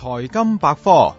財金百科，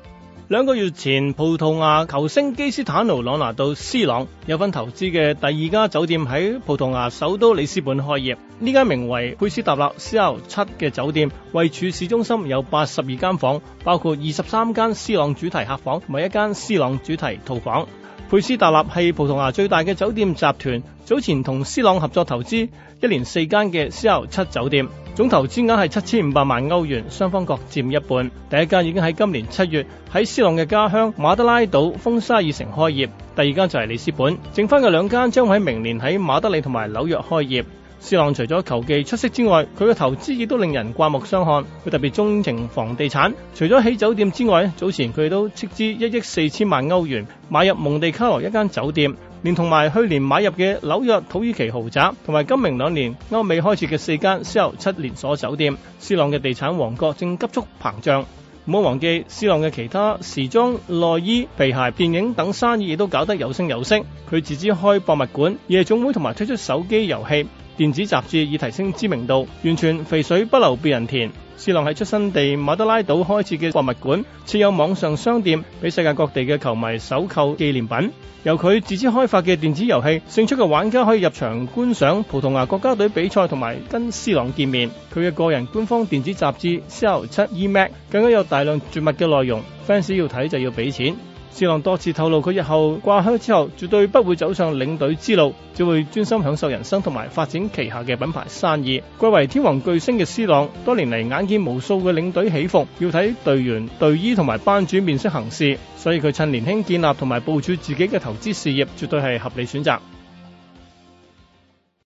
兩個月前，葡萄牙球星基斯坦奴朗拿度斯朗有份投資嘅第二家酒店喺葡萄牙首都里斯本開業。呢間名為佩斯特納 C L 七嘅酒店，位處市中心，有八十二間房，包括二十三間斯朗主題客房，同埋一間斯朗主題套房。佩斯特納係葡萄牙最大嘅酒店集團，早前同斯朗合作投資一連四間嘅 C L 七酒店。總投資額係七千五百萬歐元，雙方各佔一半。第一間已經喺今年七月喺 C 朗嘅家鄉馬德拉島風沙爾城開業，第二間就係里斯本，剩翻嘅兩間將喺明年喺馬德里同埋紐約開業。C 朗除咗球技出色之外，佢嘅投資亦都令人刮目相看。佢特別鍾情房地產，除咗起酒店之外，早前佢都斥資一億四千萬歐元買入蒙地卡羅一間酒店。連同埋去年買入嘅紐約土耳其豪宅，同埋今明兩年歐美開設嘅四間 c 爾七連鎖酒店，斯朗嘅地產王國正急速膨脹。唔好忘記，斯朗嘅其他時裝、內衣、皮鞋、電影等生意都搞得有聲有色。佢自知開博物館、夜總會，同埋推出手機遊戲。電子雜誌以提升知名度，完全肥水不流別人田。C 朗喺出生地馬德拉島開設嘅博物館設有網上商店，俾世界各地嘅球迷首購紀念品。由佢自資開發嘅電子遊戲，勝出嘅玩家可以入場觀賞葡萄牙國家隊比賽，同埋跟 C 朗見面。佢嘅個人官方電子雜誌、e《C 朗七 E Mac》更加有大量絕密嘅內容，fans 要睇就要俾錢。斯朗多次透露，佢日後掛靴之後，絕對不會走上領隊之路，只會專心享受人生同埋發展旗下嘅品牌生意。貴為天王巨星嘅斯朗，多年嚟眼見無數嘅領隊起伏，要睇隊員、隊醫同埋班主面色行事，所以佢趁年輕建立同埋部署自己嘅投資事業，絕對係合理選擇。